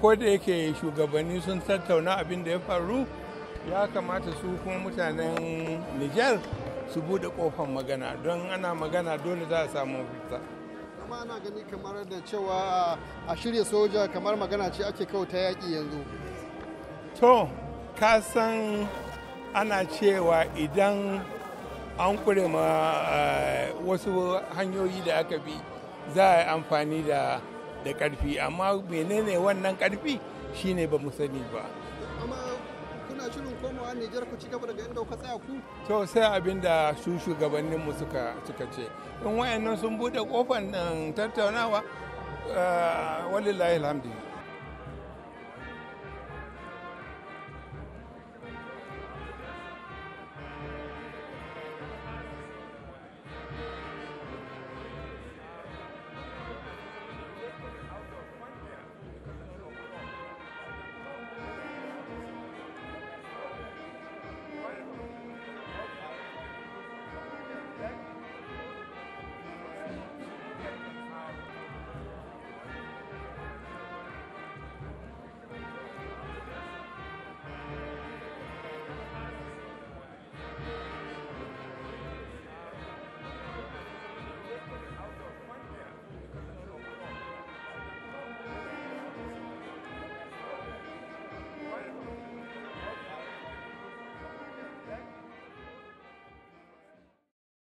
ko da yake shugabanni sun tattauna abin da ya faru ya kamata su kuma mutanen niger su bude kofan magana don ana magana dole za a samu fita amma ana gani kamar da cewa a shirya soja kamar magana ce ake kawo ta yaƙi yanzu to ka san ana cewa idan an kure ma eh, wasu hanyoyi da aka bi za a yi amfani da da karfi amma menene wannan karfi shine ba mu sani ba kuna shirin Nijar ku ci daga kuka tsaya ku? To sai abin da su shugabannin mu suka suka ce. In wayannan sun bude kofar tattaunawa eh, walillahi alhamdulillah.